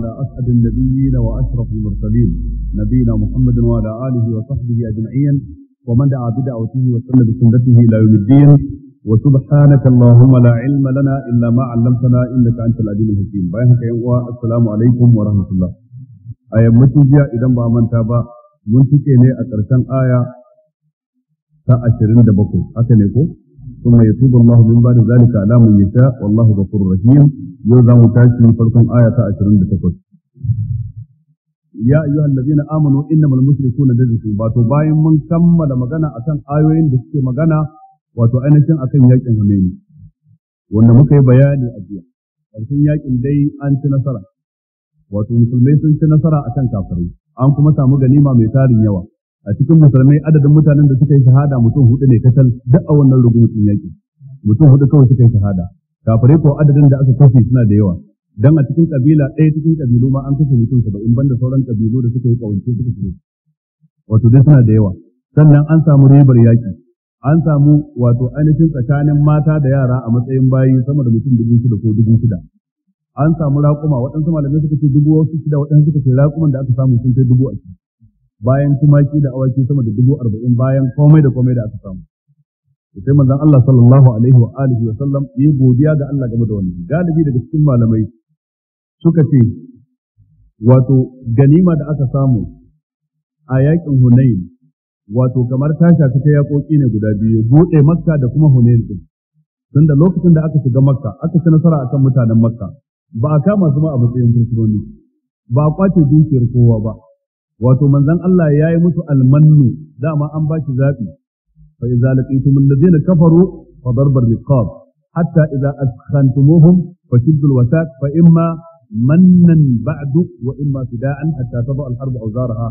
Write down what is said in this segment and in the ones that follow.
على أسعد النبيين وأشرف المرسلين نبينا محمد وعلى آله وصحبه أجمعين ومن دعا بدعوته وسن بسنته إلى يوم الدين وسبحانك اللهم لا علم لنا إلا ما علمتنا إنك أنت العليم الحكيم بينك السلام عليكم ورحمة الله a yammacin jiya idan ba manta ba mun cike ne a ƙarshen aya ta ashirin da bakwai haka ne ko ثم يتوب الله من بعد ذلك على من يشاء والله غفور رحيم يوزع متاشي من فرقم آية 28 يا أيها الذين آمنوا إنما المشركون نجس باتوا باين من كمل مغانا أكن آيوين بسكي مغانا واتو أنشن أكن يجن هميني wanda muka yi bayani a jiya ƙarshen yakin dai an ci nasara wato musulmai sun ci nasara akan kafirai an kuma samu ganima mai tarin yawa a cikin musulmai adadin mutanen da suka yi shahada mutum hudu ne kasal duk a wannan rugumutun yaki mutum hudu kawai suka yi shahada kafirai ko adadin da aka kashe suna da yawa dan a cikin kabila ɗaya cikin kabilu ma an kashe mutum saba'in banda sauran kabilu da suka yi kawance suka shigo wato dai suna da yawa sannan an samu ribar yaƙi. an samu wato ainihin tsakanin mata da yara a matsayin bayi sama da mutum dubu shida ko dubu shida an samu raƙuma waɗansu malamai suka ce dubu wasu shida waɗansu suka ce raƙuman da aka samu sun kai dubu ashirin bayan tumaki da awaki sama da dubu arba'in bayan komai da komai da aka samu sai manzon Allah sallallahu alaihi wa alihi wa sallam yi godiya ga Allah game da wannan galibi daga cikin malamai suka ce wato ganima da aka samu a yakin Hunain wato kamar ta shafi ta yakoki ne guda biyu buɗe, Makka da kuma Hunain din tun da lokacin da aka shiga Makka aka ci nasara akan mutanen Makka ba a kama su a matsayin ba a kwace dukiyar kowa ba wato manzan Allah ya yi musu almannu dama an ba shi zaɓi fa idza laqitum alladhina kafaru fa darbar riqab hatta idza askhantumuhum fa shiddu alwasaq fa imma mannan ba'du wa imma fida'an hatta taba al-harb awzaraha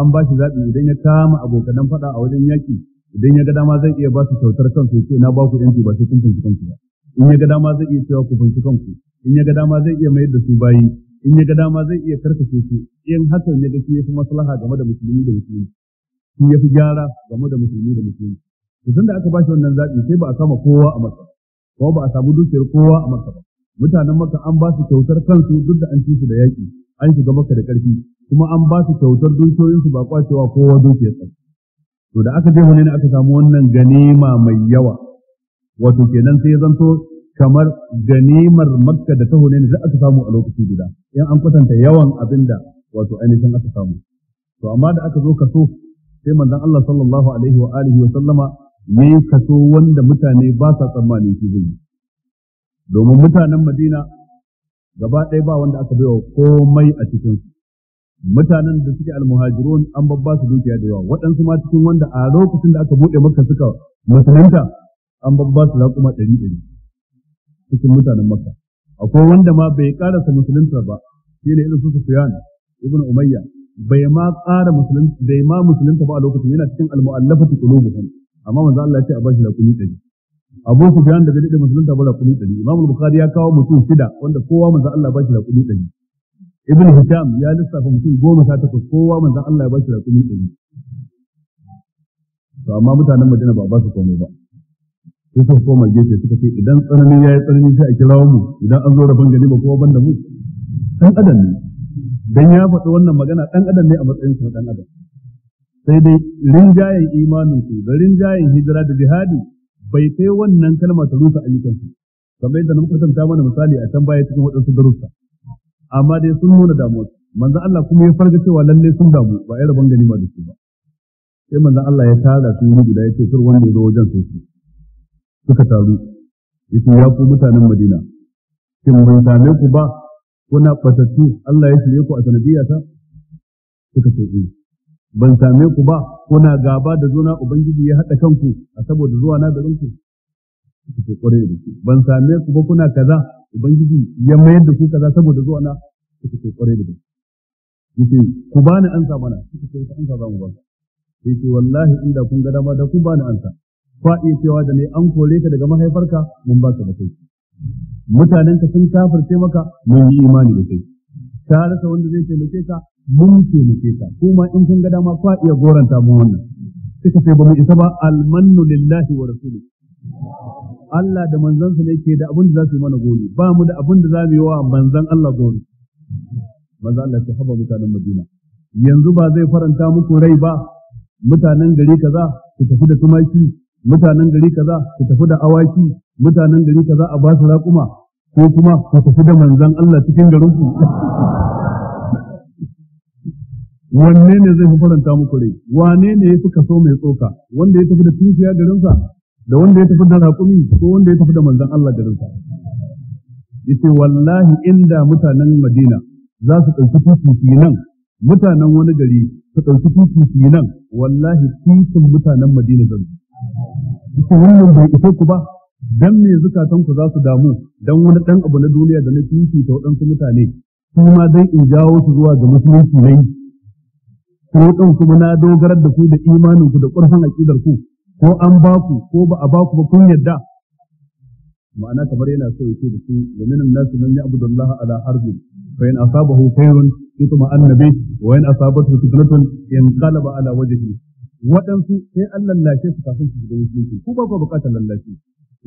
an ba shi zaɓi idan ya kama abokan fada a wajen yaki idan ya ga dama zai iya ba su kyautar kansu ce na ba ku yanci ba sai kun fanci kanku ba in ya ga dama zai iya cewa ku fanci kanku in ya ga dama zai iya mayar da su bayi in ya ga dama zai iya karkace shi in hakan ne da shi ya fi maslaha game da musulmi da musulmi shi ya fi gyara game da musulmi da musulmi to da aka bashi wannan zaɓi sai ba a kama kowa a masa ko ba a samu dukiyar kowa a masa ba mutanen maka an ba su kyautar kansu duk da an ci su da yaƙi an shiga maka da ƙarfi kuma an ba su kyautar dukiyoyinsu ba kwacewa kowa dukiyar sa to da aka je wani ne aka samu wannan ganima mai yawa wato kenan sai ya zanto kamar ganimar makka da ta hune ne za aka samu a lokaci guda in an kwatanta yawan abin da wato ainihin aka samu to amma da aka zo kaso sai manzon Allah sallallahu alaihi wa alihi wa sallama ne kaso wanda mutane ba sa tsammanin shi zai domin mutanen Madina gaba ɗaya ba wanda aka baiwa komai a cikin mutanen da suke almuhajirun an babba su dukiya da yawa waɗansu ma cikin wanda a lokacin da aka buɗe maka suka musulunta an babba su raƙuma ɗari ɗari cikin mutanen maka akwai wanda ma bai karasa musulunta ba shi ne irin su Sufyan ibn Umayya bai ma ƙara musulunta bai ma musulunta ba a lokacin yana cikin al-mu'allafati qulubuhum amma manzo Allah ya ce a bashi da kuni dari Abu Sufyan da bai da musulunta ba da kuni ɗari. Imam al Bukhari ya kawo mutum shida wanda kowa manzo Allah ya bashi da kuni ɗari. Ibn Hisham ya lissafa mutum goma sha takwas kowa manzo Allah ya bashi da kuni ɗari. to amma mutanen Madina ba ba su komai ba sai suka koma gefe suka ce idan tsanani ya yi tsanani sai a kira mu idan an zo rabon gani ba kowa ban da mu dan adam ne dan ya faɗi wannan magana dan adam ne a matsayin sa dan adam sai dai rinjayen imanin su da rinjayen hijira da jihadi bai kai wannan kalma ta rusa ayyukan su kamar yadda muka tanta mana misali a can baya cikin waɗansu darussa amma dai sun nuna damuwa manzo Allah kuma ya farga cewa lalle sun damu ba ai rabon gani ma da su ba sai manzo Allah ya tara su guda ya ce sur wanda ya zo wajen sai suka taru yace ya ku mutanen Madina kin ban same ku ba kuna batattu Allah ya shirye ku a sanadiyata suka ce eh ban same ku ba kuna gaba da zuwa ubangiji ya haɗa kanku a saboda zuwa na garin ku suka ce kware da ku ban same ku ba kuna kaza ubangiji ya mayar da ku kaza saboda zuwa na suka ce kware da ku yace ku bani ansa mana suka ce ta ansa za mu ba yace wallahi inda kun ga dama da ku bani ansa ba iya cewa da ne an kore ka daga mahaifarka mun ba ka da kai mutanen ka sun kafirce maka mun yi imani da kai ta rasa wanda zai taimake ka mun taimake ka kuma in kun ga dama fa iya goranta mu wannan suka ce ba mu isa ba almannu lillahi wa rasuli Allah da manzansa ne ke da abin da za su yi mana gori ba mu da abin da za mu yi wa manzan Allah gori manzan Allah ya haba mutanen Madina yanzu ba zai faranta muku rai ba mutanen gari kaza su tafi da tumaki mutanen gari kaza ku tafi da awaki mutanen gari kaza a ba su raƙuma ko kuma ku tafi da manzan Allah cikin garin wanne ne zai fi faranta muku rai wane ne ya fi kaso mai tsoka wanda ya tafi da tunkiya garinsa da wanda ya tafi da raƙumi ko wanda ya tafi da manzan Allah garinsa yace wallahi inda mutanen Madina za su ɗauki tutufi nan mutanen wani gari su ɗauki tutufi nan wallahi titin mutanen Madina zan wannan bai isa ku ba dan me zukatan ku za su damu dan wani dan abu na duniya da na fifi ta waɗansu mutane su ma dai in jawo su zuwa ga musulunci ne ko dan kuma na dogarar da ku da imanin ku da ƙarfin aqidar ku ko an ba ku ko ba a ba ku ba kun yadda ma'ana kamar yana so ya ce da su wa min an man ya'budu Allah ala ardi fa in asabahu khairun kuma annabi wa in asabatu fitnatun in qalaba ala wajhihi waɗansu sai an lallashe su kafin su shiga musulunci ku ba ku buƙatar lallashe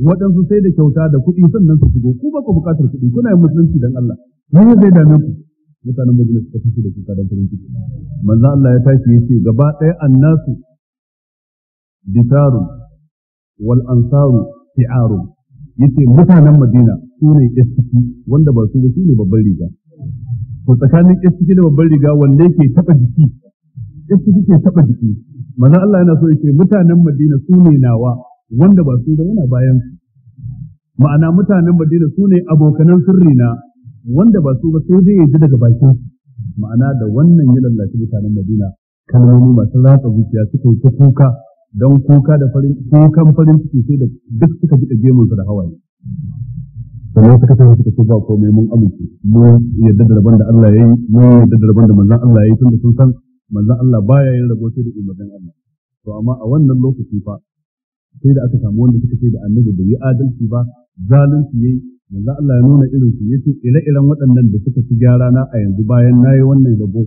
waɗansu sai da kyauta da kuɗi sannan su shigo ku ba ku buƙatar kuɗi kuna yin musulunci dan Allah yi zai dame ku mutanen Madina suka fice da kuka dan farin ciki manzo Allah ya tashi ya ce gaba ɗaya annasu bitarun wal ansaru ti'arun yace mutanen Madina su ne iskiki wanda ba su ba su ne babban riga Ko tsakanin iskiki da babban riga wanne ke taba jiki iskiki ke taba jiki maza Allah yana so yake mutanen Madina su ne nawa wanda ba su ba yana bayan su ma'ana mutanen Madina su ne abokanan sirri na wanda ba su ba sai dai ya ji daga bakin su ma'ana da wannan ya lallaci mutanen Madina kalmomi masu ratsa zuciya suka yi kuka don kuka da farin kukan farin ciki sai da duk suka buɗe gemun su da hawaye sannan suka tafi suka ce ba komai mun amince mun yadda da rabon da Allah ya yi mun yadda da rabon da manzon Allah ya yi tun da sun san manzon Allah baya yin rabo sai da umarnin Allah to amma a wannan lokaci fa sai da aka samu wanda suka ce da annabi bai yi adalci ba zalunci yayi manzo Allah ya nuna irin su yace ire-iren waɗannan da suka fi gyara na a yanzu bayan nayi wannan rabo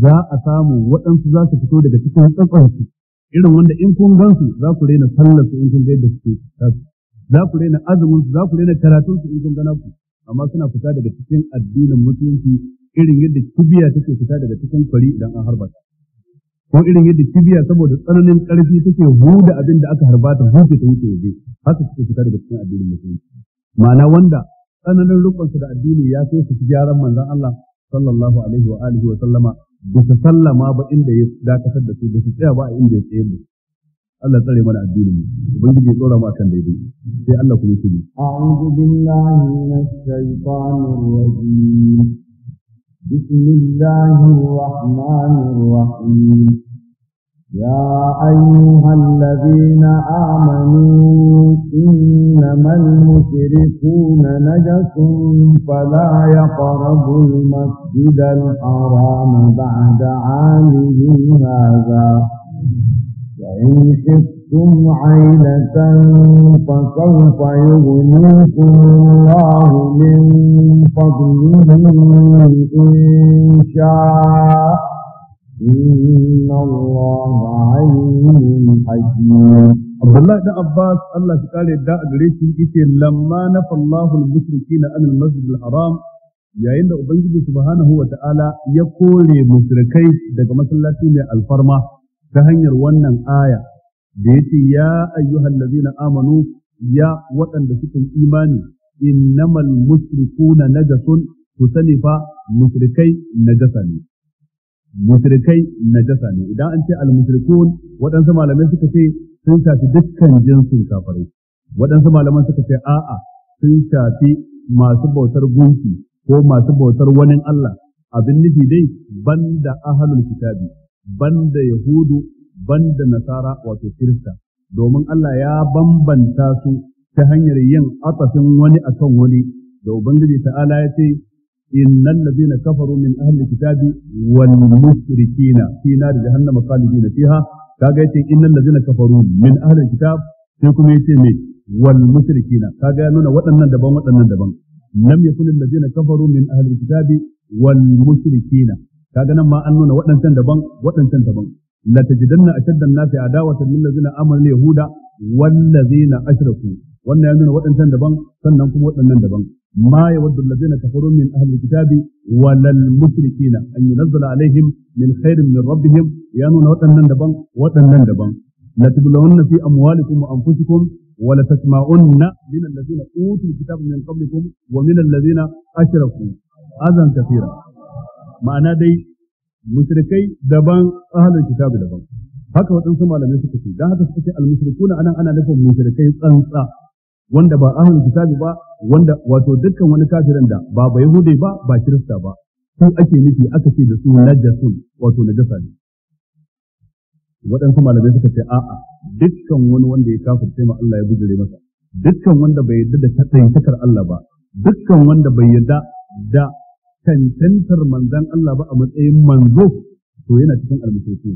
za a samu waɗansu za su fito daga cikin tsantsansu irin wanda in kun gan su za ku rena sallar su in kun ga da suke za ku rena azumin su za ku rena karatun su in kun gana ku amma suna fita daga cikin addinin musulunci irin yadda kibiya take fita daga cikin fari idan an harba ta ko irin yadda kibiya saboda tsananin ƙarfi take huda abin da aka harba ta huce ta wuce waje haka take fita daga cikin addinin musulunci ma'ana wanda tsananin rukunsa da addini ya kai su gyaran manzon Allah sallallahu alaihi wa alihi wa sallama ba su sallama ba inda ya dakatar da su ba su tsaya ba a inda ya tsayar da su Allah tsare mana addinin ubangiji ya tsora mu akan daidai sai Allah kuma ya ce a'udhu billahi minash shaitanir rajim بسم الله الرحمن الرحيم يا أيها الذين آمنوا إنما المشركون نجس فلا يقربوا المسجد الحرام بعد عامهم هذا وإن أحسنتم عيلة فسوف يغنيكم الله من فضله إن شاء إن الله عليم حكيم عبد الله بن عباس الله تعالى دا غريتي ايتي لما نفى الله المشركين عن المسجد الحرام يا يعني إنه سبحانه وتعالى يقول لمشركي دقم الله الفرما تهنير ونن آية da ce ya ayyuhal ladina amanu ya waɗanda suka yi imani innamal mushrikuna najasun ku sani fa mushrikai najasa ne mushrikai najasa ne idan an ce al mushrikun waɗansu malamai suka ce sun shafi dukkan jinsin kafirai waɗansu malaman suka ce a'a sun shafi masu bautar gunki ko masu bautar wani Allah abin nufi dai banda ahlul kitabi banda yahudu banda nasara wato kirista domin Allah ya bambanta su ta hanyar yin atafin wani akan wani da ubangiji ta'ala ya ce innal ladina kafaru min ahli kitabi wal mushrikina fi nar jahannama khalidina fiha kaga yace innal ladina kafaru min ahli kitab sai kuma yace me wal mushrikina kaga ya nuna waɗannan daban waɗannan daban lam yakun alladhina kafaru min ahli alkitabi wal mushrikina kaga nan ma an nuna waɗancan daban waɗancan daban la tajidanna ashaddan nasi adawatan lil ladzina amanu yahuda wal ladzina ashraku wannan ya nuna waɗannan daban sannan kuma waɗannan daban ma ya yawaddu alladzina kafaru min ahli kitabi walal mushrikina an yunzala alaihim min khairin min rabbihim ya nuna waɗannan daban waɗannan daban la tublawunna fi amwalikum wa anfusikum ولا تسمعن من الذين اوتوا الكتاب من قبلكم ومن الذين اشركوا Azan كثيرا ma'ana dai mushrikai daban ahlul kitabi daban haka waɗansu malamai suka ce dan haka suka ce al mushrikuna anan ana nufin mushrikai tsantsa wanda ba ahlul kitabi ba wanda wato dukkan wani kafirin da ba ba yahude ba ba kirista ba su ake nufi aka ce da su najasun wato najasa ne waɗansu malamai suka ce a'a dukkan wani wanda ya kafirce ma Allah ya bijire masa dukkan wanda bai yarda da takar Allah ba dukkan wanda bai yarda da cancantar manzan Allah ba a matsayin manzo to yana cikin almusulmi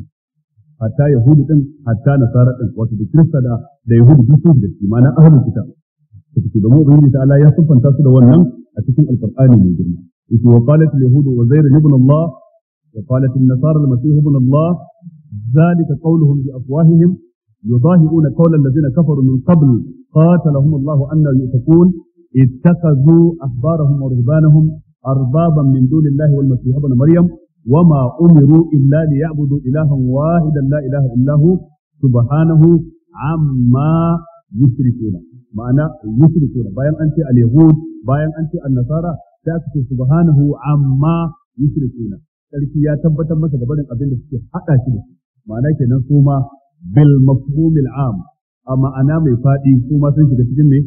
hatta yahudu din hatta nasara din wato da kirista da da yahudu duk su da kima na ahlul kitab to kike da mu ubangiji ta Allah ya sufanta su da wannan a cikin alqur'ani mai girma yace wa qalat al-yahud wa zayr ibn Allah wa qalat an-nasara al-masih ibn Allah ذلك قولهم بأفواههم يضاهئون قول الذين كفروا من قبل قاتلهم الله أن يؤفكون اتخذوا أحبارهم ورهبانهم arbaban min dunillahi wal masih ibn maryam wama umiru illa liya'budu ilahan wahidan la ilaha illa hu subhanahu amma yushrikuna ma'ana yushrikuna bayan an ce al bayan an ce an-nasara sai aka ce subhanahu amma yushrikuna sarki ya tabbatar masa da barin abin da suke hada shi da ma'ana kenan su ma bil mafhumil am a ma'ana mai faɗi su ma sun shiga cikin ne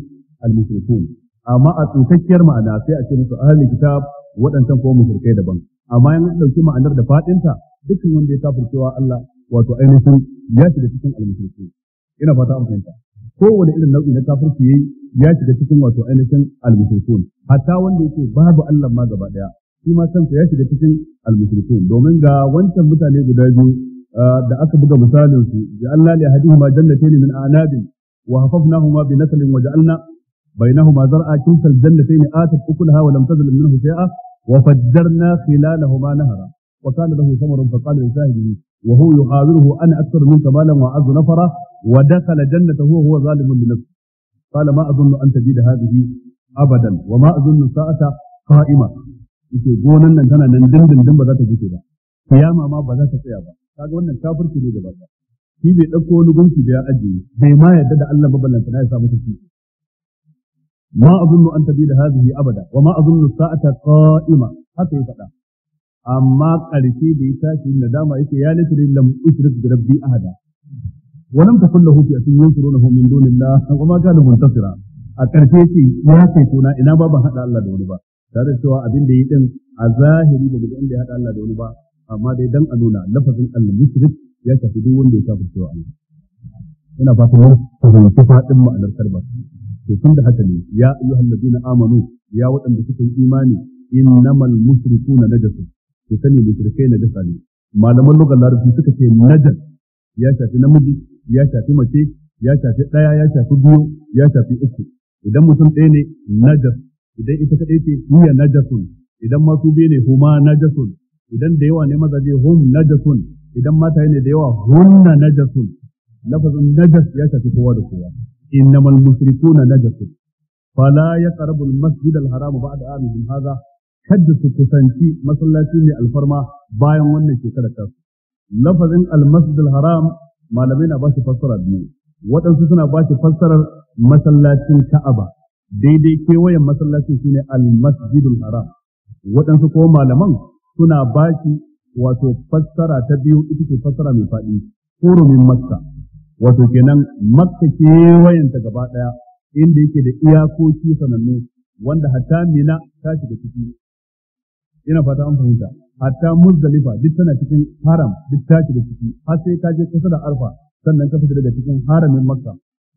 al-mushrikun amma a tsukakkiyar ma'ana sai a ce musu ahlul kitab waɗancan kuma mushrikai daban amma in ɗauki ma'anar da faɗinta dukkan wanda ya kafircewa Allah wato ainihin ya shiga cikin almushrikun ina fata an fahimta wani irin nau'i na kafirci yayi ya shiga cikin wato ainihin almushrikun hatta wanda yake babu Allah ma gaba daya shi ma kansa ya shiga cikin almushrikun domin ga wancan mutane guda biyu ah, da aka buga misalin su ja'alna li ahadihima jannatayn min a'nabin wa hafafnahuma bi naslin wa ja'alna بينهما زرعا كلتا الجنتين آتت أكلها ولم تظلم منه شيئا وفجرنا خلالهما نهرا وكان له ثمر فقال لصاحبه وهو يحاوره أنا أكثر منك مالا وأعز نفرا ودخل جنته وهو ظالم لنفسه قال ما أظن أن تجد هذه أبدا وما أظن الساعة قائمة yace gonan nan tana nan dindindin ba za ta fice ba kiyama ma ba za ta tsaya ba kaga wannan kafirci ne gaba ɗaya shi bai ɗauko wani gunki da ya ajiye bai ma yarda da Allah ba ballanta na ya sa masa shi ma azunnu an tabida hadhihi abada wa ma azunnu sa'ata qa'ima haka ya faɗa amma ƙarshe da ya tashi nadama yake ya lafi lam usrik bi rabbi ahada ولم تكن له فئة ينصرونه من دون الله وما كان منتصرا a ƙarshe ce ya ce suna ina ba ban haɗa Allah da wani ba tare da cewa abin da yi din a zahiri ba gudu inda ya haɗa Allah da wani ba amma dai dan a nuna lafazin Allah mushrik ya shafi duk wanda ya kafir cewa Allah ina fatan wani ta fadin ma'anar kalmar to tun da haka ne ya ayyuhal ladina amanu ya waɗanda suka imani imani innamal mushrikuna najasun to sani mushrikai najasa ne malaman lugar larabci suka ce najas ya shafi namiji ya shafi mace ya shafi ɗaya ya shafi biyu ya shafi uku idan mutum ɗaya ne najas idan ita kaɗai ce hiya najasun idan masu biyu ne huma najasun idan da yawa ne mazaje hum najasun idan mata ne da yawa hunna najasun lafazin najas ya shafi kowa da kowa innamal na najasun fala yaqrabu al-masjid al-haram ba'da amihim hadha kada su kusanci masallaci mai alfarma bayan wannan shekara ta lafazin al-masjid al-haram malamai na ba shi fassara biyu waɗansu suna ba shi fassarar masallacin ka'aba daidai kewayen masallacin shine al-masjid al-haram waɗansu ko malaman suna ba shi wato fassara ta biyu ita ce fassara mai faɗi hurumin makka wato kenan makka wayanta gaba ɗaya inda yake da iyakoki sanannu wanda hatta mina ta shiga ciki ina fata an fahimta hatta muzdalifa duk tana cikin haram duk ta shiga ciki har sai ka je kusa da arfa sannan ka fita daga cikin haramin makka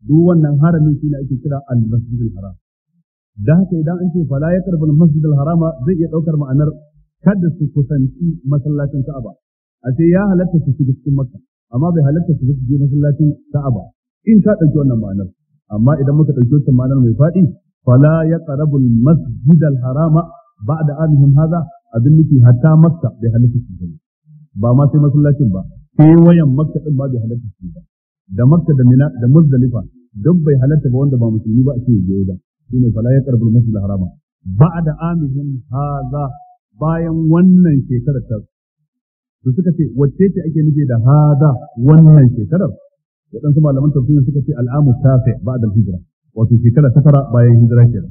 duk wannan haramin shine ake kira al-masjidul haram da haka idan an ce fala ya karbal masjidul harama zai iya daukar ma'anar kada su kusanci masallacin Ka'aba a sai ya halatta su shiga cikin Makka amma bai halatta su je masallacin sa'a in ka ɗauki wannan ma'anar amma idan muka ɗauki wannan ma'anar mai faɗi fala ya qarabul masjid al harama ba'da anhum hadha abin nufi hatta makka bai halatta su ba ba ma sai masallacin ba sai wayan makka din ba bai halatta su ba da makka da mina da muzdalifa duk bai halatta ba wanda ba musulmi ba ake yi da shine fala ya qarabul masjid al harama ba'da amihim hadha bayan wannan shekarar ta to suka ce wacce ce ake nufi da hada wannan shekarar waɗansu malaman tafsirin suka ce al'amu tafi da hijira wato shekara ta tara bayan hijira kenan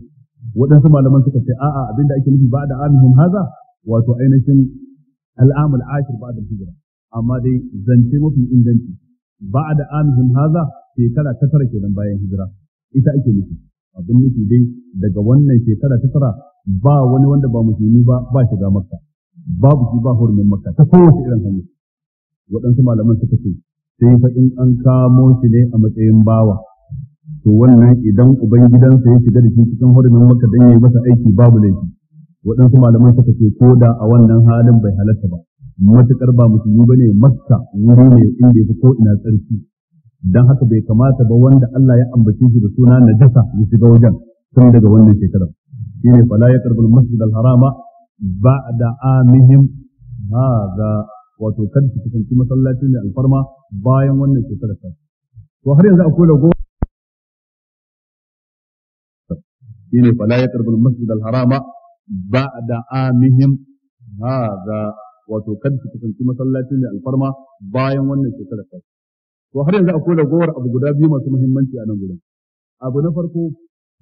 waɗansu malaman suka ce a'a abinda ake nufi ba da amihim haza wato ainihin al'amu al'amul ashir da hijira amma dai zance mafi inganci ba da amihim haza shekara ta tara kenan bayan hijira ita ake nufi abin nufi dai daga wannan shekara ta tara ba wani wanda ba musulmi ba ba shiga makka babu shi ba hurumin makka ta kowace irin hanya waɗansu malaman suka ce sai fa in an kamo shi ne a matsayin bawa to wannan idan ubangidansa ya shiga da shi cikin hurumin makka dan yi masa aiki babu laifi waɗansu malaman suka ce ko da a wannan halin bai halatta ba matukar ba musulmi ne makka wuri ne inda ya fi ko ina tsarki Don haka bai kamata ba wanda Allah ya ambace shi da suna najasa ya shiga wajen tun daga wannan shekarar shine fala ya karbul masjid harama ba'da amihim hadha wato kan su kusanci masallacin da alfarma bayan wannan shekarar ta to har yanzu akwai rago shine fala yaqrabu al-masjid al-harama ba'da amihim hadha wato kan su kusanci masallacin da alfarma bayan wannan shekarar ta to har yanzu akwai da gowar abu guda biyu masu muhimmanci a nan gurin abu na farko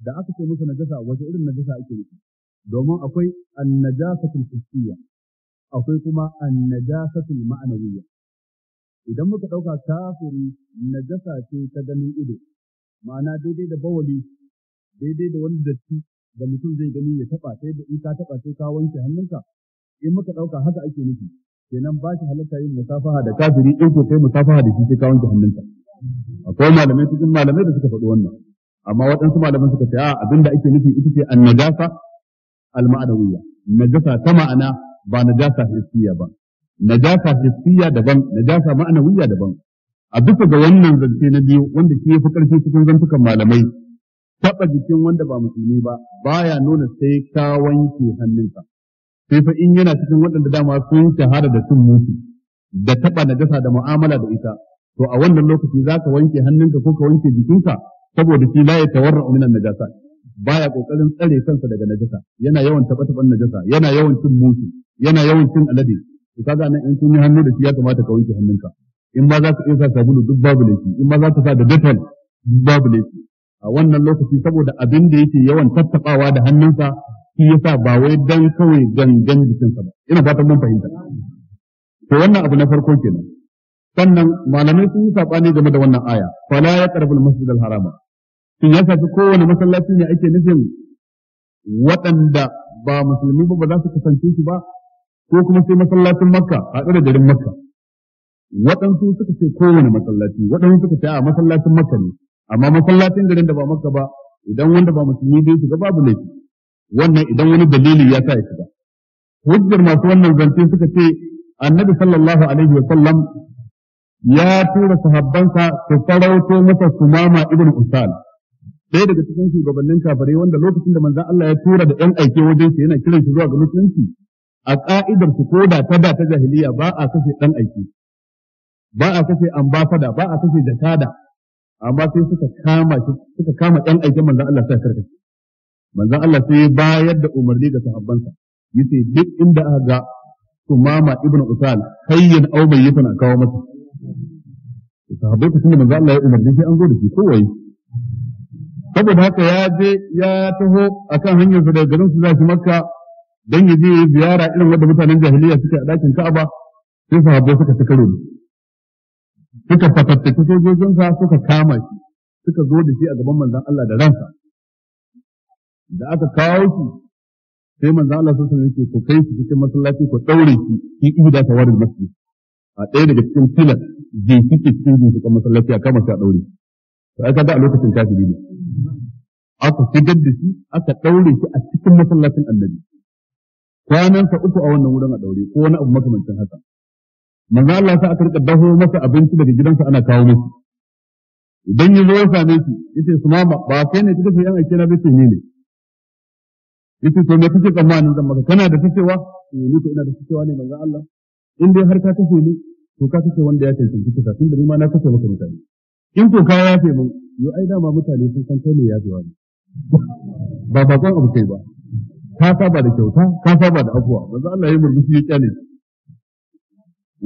da aka ce musu najasa wace irin najasa ake nufi domin akwai annajasatul hissiyya akwai kuma annajasatul ma'anawiyya idan muka ɗauka kafiri najasa ce ta ganin ido ma'ana daidai da bawali daidai da wani datti da mutum zai gani ya taɓa sai da in ka taɓa sai ka wanke hannunka in muka ɗauka haka ake nufi kenan ba shi halatta yin musafaha da kafiri in ko kai musafaha da shi sai ka wanke hannunka akwai malamai cikin malamai da suka faɗi wannan amma waɗansu malaman suka ce a abinda ake nufi ita ce annajasa al-ma'nawiyya najasa ta ma'ana ba najasa hissiya ba najasa hissiya daban najasa wuya daban a bisa ga wannan zance na biyu wanda ke fi karfi cikin zantukan malamai taba jikin wanda ba musulmi ba baya nuna sai ka wanke hannunka sai fa in yana cikin waɗanda dama sun shahara da sun mutu da taba najasa da mu'amala da ita to a wannan lokaci za ka wanke hannunka ko ka wanke jikinka saboda shi la yatawarra min an-najasa baya kokarin tsare kansa daga najasa yana yawan taba taban najasa yana yawan cin mutu yana yawan cin alade to kaga nan in kun yi hannu da shi ya kamata ka wanke hannunka in ma za ka iya sa sabulu duk babu laifi in ma za ka sa da detol duk babu laifi a wannan lokaci saboda abin da yake yawan tattabawa da hannunsa shi yasa ba wai dan kawai gangan jikinsa ba ina fatan mun fahimta to wannan abu na farko kenan sannan malamai sun yi sabani game da wannan aya fala ya qarbul masjidal harama shin ya shafi kowane masallaci ne ake nufin waɗanda ba musulmi ba ba za su kasance shi ba ko kuma sai masallacin makka a da garin makka waɗansu suka ce kowane masallaci waɗansu suka ce a masallacin makka ne amma masallacin garin da ba makka ba idan wanda ba musulmi bai shiga babu laifi wannan idan wani dalili ya sa ya shiga hujjar masu wannan zance suka ce annabi sallallahu alaihi wa sallam ya tura sahabbansa su farauto masa sumama ibn usal ɗaya daga cikin shugabannin kafare wanda lokacin da manzan Allah ya tura da ɗan aike wajen sa yana kiran zuwa ga musulunci a ƙa'idar su ko da ta da ta jahiliya ba a kashe ɗan aike ba a kashe ambasada ba a kashe jakada amma sai suka kama shi suka kama ɗan aikin manzan Allah sai karkace manzan Allah sai bayar da umarni ga sahabbansa yace duk inda aka ga Sumama ibn Usal hayyan aw bayyana a kawo masa sahabbai sun manzan Allah ya umarni sai an zo da shi kowai saboda haka ya je ya taho akan hanyar su daga garin su za su makka don ya je ziyara irin wadda mutanen jahiliya suke a dakin ka'aba sai sahabbai suka ci karo suka fatattaki sojojinsa suka kama shi suka zo da shi a gaban manzon Allah da ransa da aka kawo shi sai manzon Allah sun sanar yake kai shi cikin masallaci ko daure shi ki ibda tawarin masjid a ɗaya daga cikin filan je shi cikin jikin masallaci a kama shi a daure shi to ka ba a lokacin kafiri ne aka shigar da shi aka daure shi a cikin masallacin annabi kwanansa uku a wannan wurin a daure ko wani abu makamancin haka manzo Allah sa aka rika daho masa abinci daga gidansa ana kawo masa idan ya zo ya same shi yace su mama ba kai ne kika ce yan aiki na bace ni ne yace to me kike tsammanin zan maka kana da kacewa eh ni ko ina da kacewa ne manzo Allah in dai har ka kace ni to ka kace wanda ya tantance ka tun da ni ma na kace maka mutane in ko ka yafe mu yo ai dama mutane sun san kai ne ya zuwa ba bakon abu kai ba ka saba da kyauta ka saba da afuwa manzo Allah ya murmushi ya kyale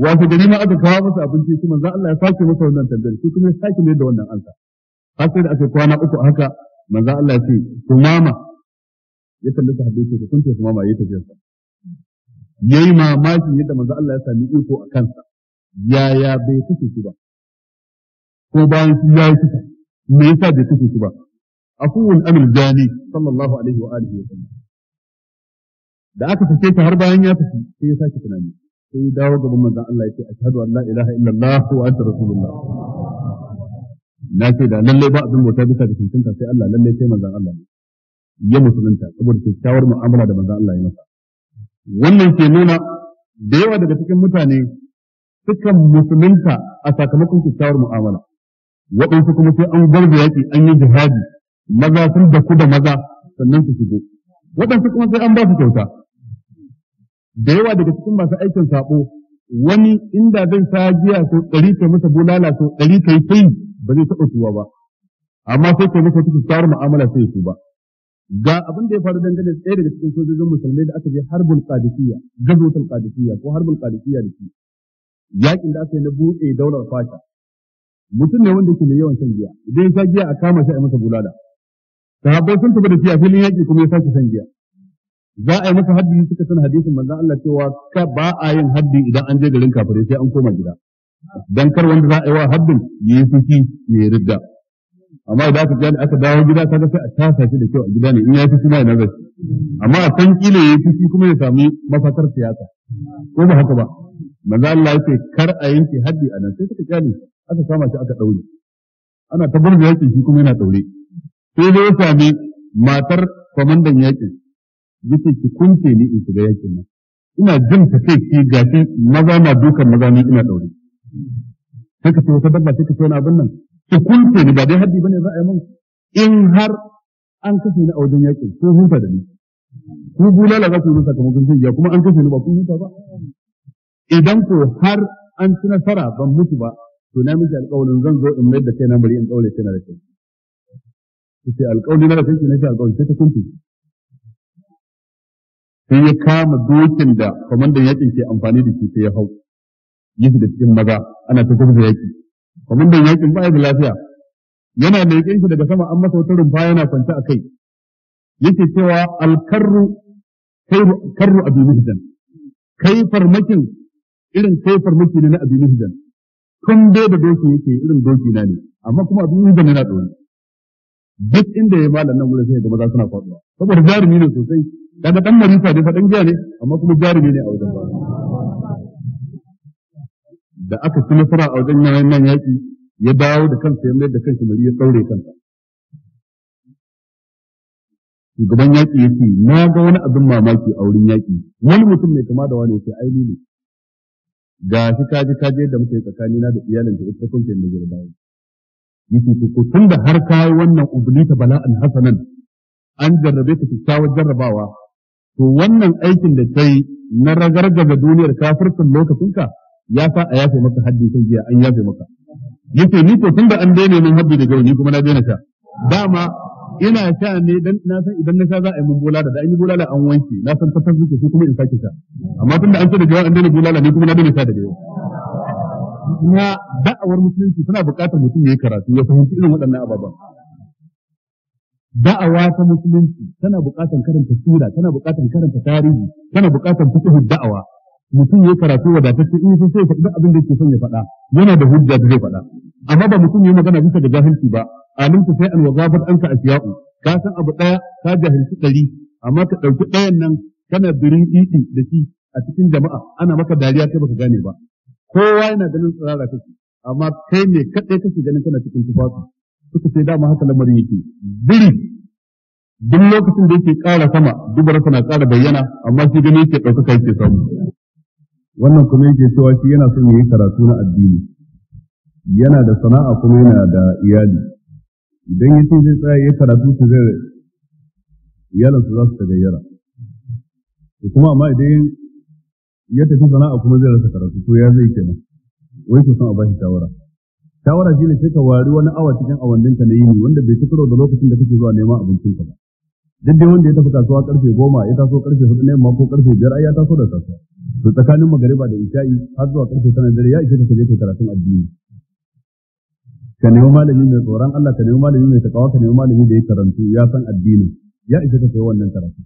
wato gari ma aka kawo masa abinci kuma manzo Allah ya sake masa wannan tambayar shi kuma ya sake mai da wannan ansa har sai da aka kwana uku haka manzo Allah ya ce mama ya kalli ta hadisi da kunta mama ya ta sa yayi mamakin yadda manzo Allah ya sami iko a kansa yaya bai kace shi ba ko bayan shi ya yi kisa me yasa bai kashe shi ba afuwul amil jani sallallahu alaihi wa alihi wa sallam da aka sake ta har bayan ya tafi sai ya sake tunani sai ya dawo gaban manzon Allah ya ce ashhadu an la ilaha illallah wa anta rasulullah na ce da lallai ba abin bauta bisa da tuntunta sai Allah lallai sai manzon Allah ne ya musulunta saboda kyakkyawar mu'amala da manzon Allah ya masa wannan ke nuna da yawa daga cikin mutane sukan musulunta a sakamakon kyakkyawar mu'amala waɗansu kuma sai an garba yaƙi an yi jihadi maza sun da ku da maza sannan su shigo waɗansu kuma sai an ba su kyauta da yawa daga cikin masu aikin saɓo wani inda zan sa giya so ɗari ka masa bulala lalata, ɗari yi sai ba zai taɓa tuwa ba amma sai kai masa cikin tsarin mu'amala sai ya ba. ga abin da ya faru dangane da ɗaya daga cikin sojojin musulmai da aka je harbul qadisiyya gazotul qadisiyya ko harbul qadisiyya da shi Yaƙin da aka yi na buɗe daular fata mutum ne wanda ke mai yawan shan giya idan ya sha giya a kama shi a masa bulala sahabbai sun tafi da shi a filin yaƙi kuma ya sake shan giya za a yi masa haddi suka san hadisin manzon Allah cewa ka ba a yin haddi idan an je garin kafirai sai an koma gida dan kar wanda za a yi wa haddin ya yi fushi yi ridda amma idan aka gane aka dawo gida ka ga sai a tasa shi da kyau a gida ne in ya fi suna yana zai amma a san kila ya yi fushi kuma ya sami mafakar siyasa ko ba haka ba manzo Allah yake kar a yanke haddi a nan sai suka kyale aka kama shi aka ɗaure. ana ta gurbi yakin shi kuma yana ɗaure. sai zai sami matar kwamandan yakin yake ki kunce ni in shiga yakin nan ina jin ta kai ki gashi maza na dukan maza ni ina ɗaure. sai ka ce wata dabba sai ka ce wani abin nan ki kunce ni ba dai haddi bane za a yi mun in har an kashe ni a wajen yakin ko huta da ni ku bulala za ku kamar kun sai kuma an kashe ni ba kun huta ba idan ko har an ci nasara ban mutu ba to na miki alƙawarin zan zo in mai da kai na bari in ɗaure kai na da kai ce alƙawari na da kai ne sai alƙawari sai ta kunti. sai ya kama dokin da kwamandan yakin ke amfani da shi sai ya hau ya da cikin maza ana ta tafi yaki kwamandan yakin ba da lafiya yana leƙen shi daga sama an masa wata rumfa yana kwance a kai yake cewa alkarru karru abi muhdan kai farmakin irin kai farmaki ne na abinu muhdan kun dai da doki yake irin doki na ne amma kuma abin inda na tsoro duk inda ya malam nan wurin sai ga maza suna faɗuwa saboda jarumi ne sosai daga dan marisa ne faɗin jiya ne amma kuma jarumi ne a wajen ba da aka ci nasara a wajen yin nan yaƙi ya dawo da kansa ya mayar da kansa mari ya saurayi kansa shugaban yaƙi ya ce na ga wani abin mamaki a wurin yaƙi wani mutum mai kama da wani yace aini ne ga shi kaji kaji yadda muka yi tsakani na da iyalin da ita ne da bayan yace to ko tunda har kai wannan ubulita bala'an hasanan an jarrabe ta kyakkyawar jarrabawa to wannan aikin da kai na ragargaza duniyar lokacin ka ya sa a yafe maka haddi kan jiya an yafe maka yace ni ko da an daina min haddi daga wani kuma na daina sha dama ina sha ne dan na san idan na sha za a yi mun bulala da an yi bulala an wanke na san ta tafi su kuma in sake sha amma tun da an ce da yawa an daina bulala ne kuma na daina sha da yawa na da'awar musulunci tana buƙatar mutum ya yi karatu ya fahimci irin waɗannan ababen da'awa ta musulunci tana buƙatar karanta sura tana buƙatar karanta tarihi tana buƙatar fiqhu da'awa mutum ya karatu wadatacce in sai ya faɗi abin da yake son ya faɗa yana da hujja da zai faɗa amma ba mutum ya magana bisa da jahilci ba alimta sai an wagabar anka asiya'u ka san abu daya ka jahilci dari amma ka dauki dayan nan kana birin titi da shi a cikin jama'a ana maka dariya kai baka gane ba kowa yana ganin tsirara kake amma kai ne kadai kake ganin kana cikin tufafi suka sai dama haka lamarin yake biri duk lokacin da yake ƙara sama dubara tana ƙara bayyana amma shi gani yake ɗaukaka yake samu wannan kuma yake cewa shi yana son yayi karatu na addini yana da sana'a kuma yana da iyali idan ya ce zai tsaya ya karatu su zai iyalansu za su ta gayyara to kuma amma idan ya tafi sana'a kuma zai rasa karatu to ya zai kenan wai to san a bashi shawara shawara shine sai ka wari wani awa cikin awannin ka na yini wanda bai tukuro da lokacin da kake zuwa neman abincin ka ba duk dai wanda ya tafi kasuwa karfe goma ya taso karfe hudu na yamma ko karfe biyar ai ya taso da kasuwa to tsakanin magariba da isha'i har zuwa karfe tana dare ya isa ka je ka karatun addini ka nemi malami mai tsoron Allah ka nemi malami mai takawa ka nemi malami da ya karantu ya san addini ya isa ka sai wannan karatu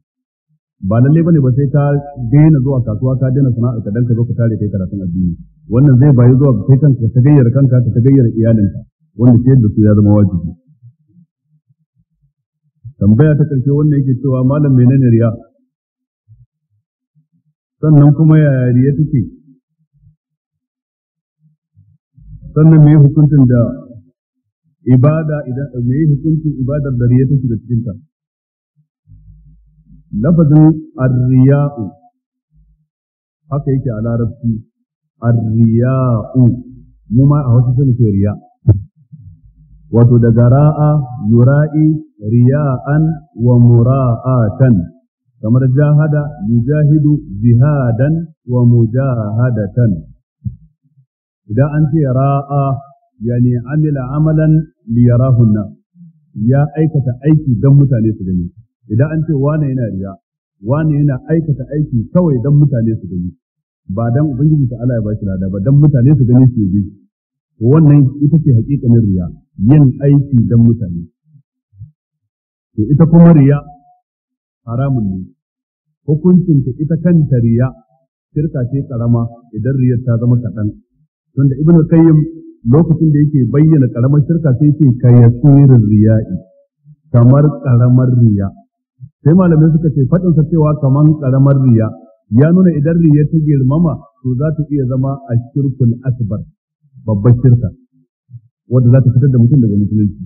ba lalle bane ba sai ka daina zuwa kasuwa ka daina sana'a ka dan ka zo ka tare kai karatun addini wannan zai bayu zuwa kai kanka ta gayyar kanka ta gayyar iyalinka wanda sai da su ya zama wajibi tambaya ta karshe wannan yake cewa malam menene riya sannan kuma yaya riya take sannan me hukuncin da ibada idan me yi hukuncin ibadar da riya take da cikin ta lafazin arriya'u haka yake a larabci arriya'u mu ma a wasu sun ce riya wato daga ra'a yura'i riya'an wa mura'atan kamar jahada mujahidu jihadan wa mujahadatan idan an ce ra'a yani amila amalan liyarahunna ya aikata aiki don mutane su gani idan an ce wane yana riya wane yana aikata aiki kawai don mutane su gani ba dan ubangiji ta Allah ya bashi lada ba dan mutane su gani su yi wannan ita ce hakikanin riya yin aiki don mutane to ita kuma riya haramun ne hukuncin ta ita kanta riya shirka ce karama idan riyar ta zama kaɗan tunda ibn qayyim lokacin da yake bayyana karamar shirka sai ce ka yasirin riya'i kamar karamar riya sai malamai suka ce faɗin sa cewa kamar karamar riya ya nuna idan riya ta girmama to za ta iya zama a shirkun asbar babbar shirka wadda za ta fitar da mutum daga musulunci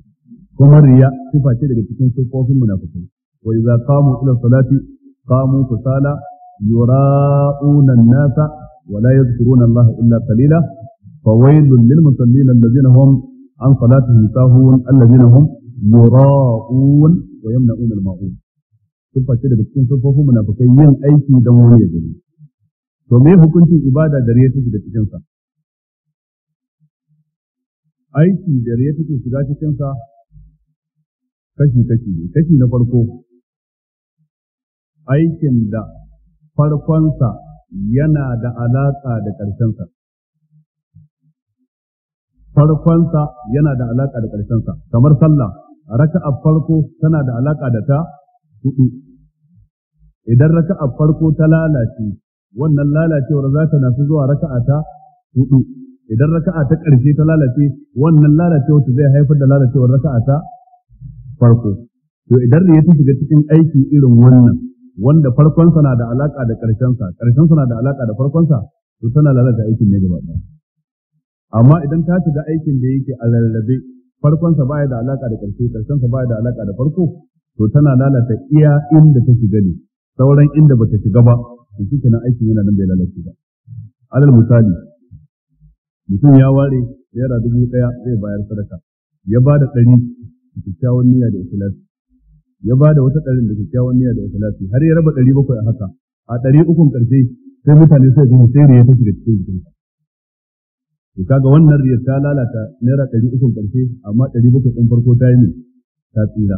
kuma riya sifa ce daga cikin sifofin munafikai wa idza qamu ila salati qamu kusala yura'una an-nasa wa la yadhkuruna Allah illa qalila فويل للمصلين الذين هم عن صلاتهم ساهون الذين هم يراءون ويمنعون الماعون siffa ce daga cikin siffofin munafikai yin aiki don wani ya gani to me hukuncin ibada da riya take da cikin aiki da shiga kashi kashi ne kashi na farko aikin da farkonsa yana da alaƙa da ƙarshensa farkonsa yana da alaƙa da ƙarshensa kamar sallah raka'a farko tana da alaƙa da ta hudu idan raka'a farko ta lalace wannan lalacewar za ta nasu zuwa raka'a ta hudu idan raka'a ta ƙarshe ta lalace wannan lalacewar ta zai haifar da lalacewar raka'a ta farko to idan ne ta shiga cikin aiki irin wannan wanda farkonsa na da alaƙa da ƙarshensa ƙarshensa na da alaƙa da farkonsa to tana lalata aikin ne gaba ɗaya amma idan ta shiga aikin da yake a lallabe farkonsa baya da alaka da ƙarshe ƙarshensa baya da alaka da farko to tana lalata iya inda ta shiga ne sauran inda bata shiga ba to shi kenan aikin yana nan bai lalace ba alal misali mutum ya ware naira dubu ɗaya zai bayar sadaka ya ba da ɗari da kyakkyawan niyya da ikhlasi ya ba da wata ɗarin da kyakkyawan niyya da ikhlasi har ya raba ɗari bakwai a haka a ɗari ukun ƙarshe sai mutane sai ji sai ya ta shiga cikin jikinsa to kaga wannan riyar ta lalata naira ɗari ukun ƙarshe amma ɗari bakwai ɗin farko ta yi ta tsira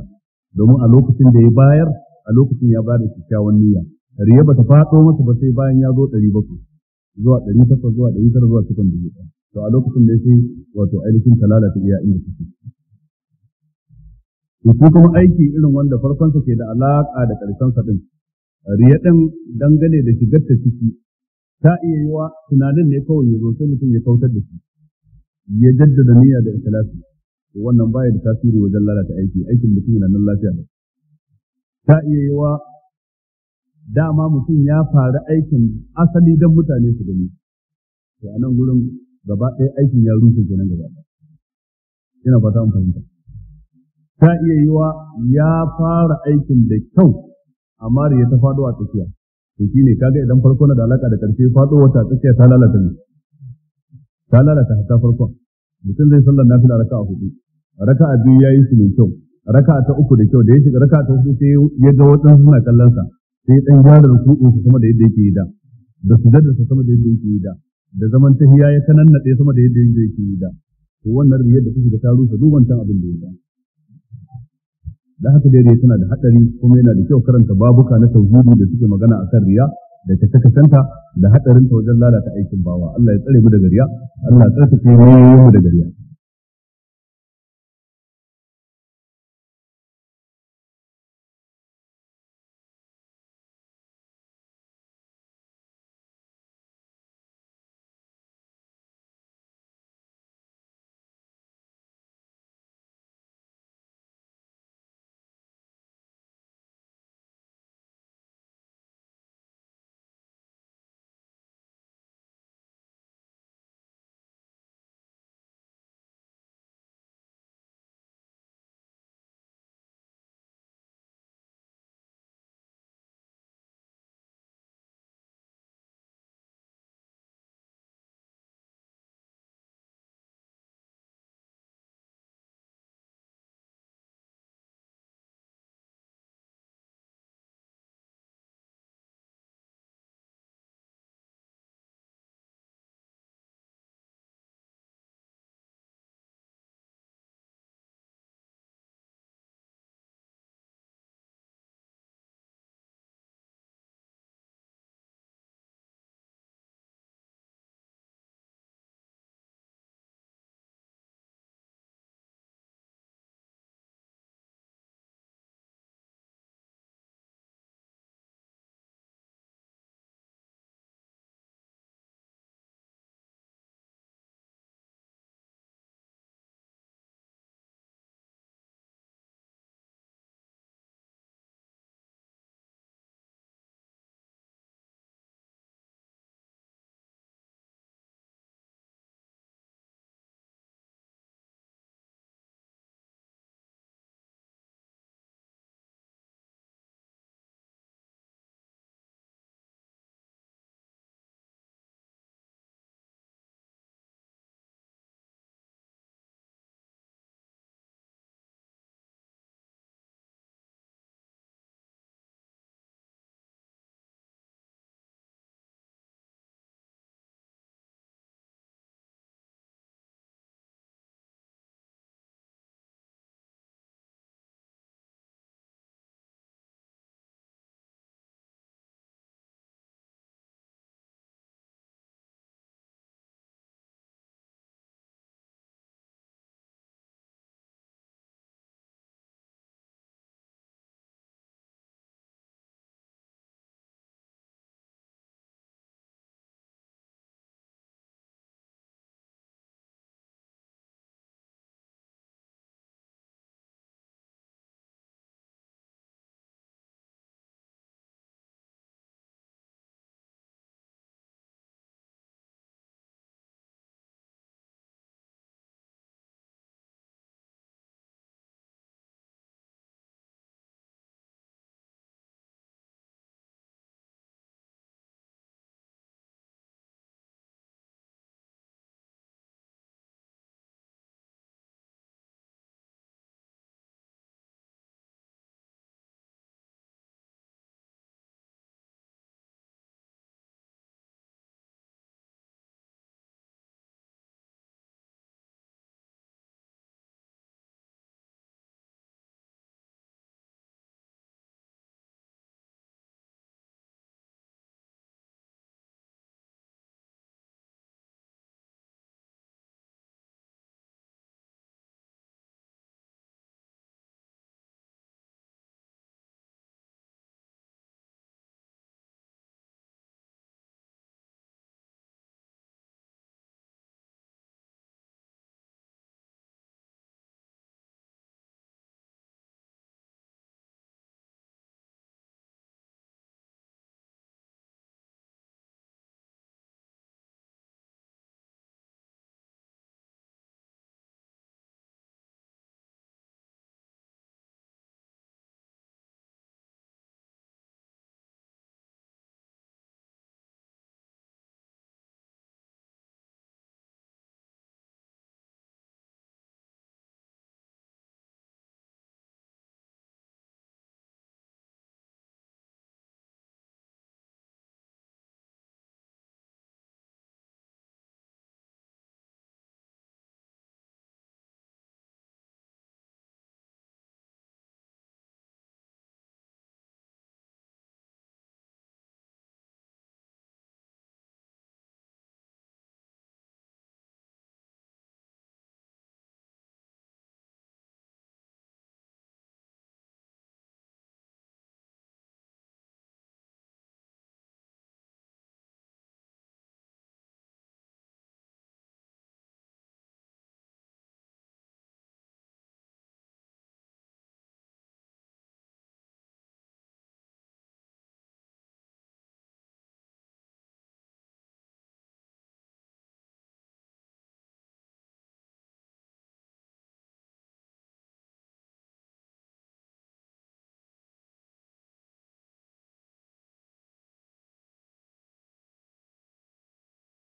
domin a lokacin da ya bayar a lokacin ya bada kyakkyawan niyya riya bata faɗo masa ba sai bayan ya zo ɗari bakwai zuwa ɗari takwas zuwa ɗari tara zuwa cikin dubu ɗaya to a lokacin da ya sai wato ainihin ta lalata iya inda suke to ko kuma aiki irin wanda farkonsa ke da alaƙa da ƙarshensa ɗin riya ɗin dangane da shigar ta ciki ta iya yiwa tunanin ne kawai ya zo sai mutum ya kautar da shi ya jaddada niyya da ikhlasi to wannan baya da tasiri wajen lalata aiki aikin mutum yana nan lafiya ne ta iya yiwa dama mutum ya fara aikin asali don mutane su gani to a nan gurin gaba ɗaya aikin ya ke kenan gaba ɗaya ina fata mun fahimta ta iya yiwa ya fara aikin da kyau amma ya ta faduwa a to ne kaga idan farko na da alaka da karshe faɗo wata tsakiya ta lalata ne ta lalata hatta farko mutum zai sallar nafila a hudu raka a biyu ya yi su mai kyau raka ta uku da kyau da ya shiga raka ta hudu sai ya ga wadansu suna kallon sa sai dan gyara rukun su sama da yadda yake yi da da da su sama da yadda yake yi da da zaman tahiya ya kananna sama da yadda yake yi da to wannan riyar da kuke da ta rusa duk wancan abin da ya da haka dai tana da hatsari kuma yana da kyau karanta babuka na tauhidi da suke magana akan riya da kashe-kashenta da hadarin ta wajen lalata aikin bawa Allah ya tsare mu daga riya Allah ya tsare mu daga riya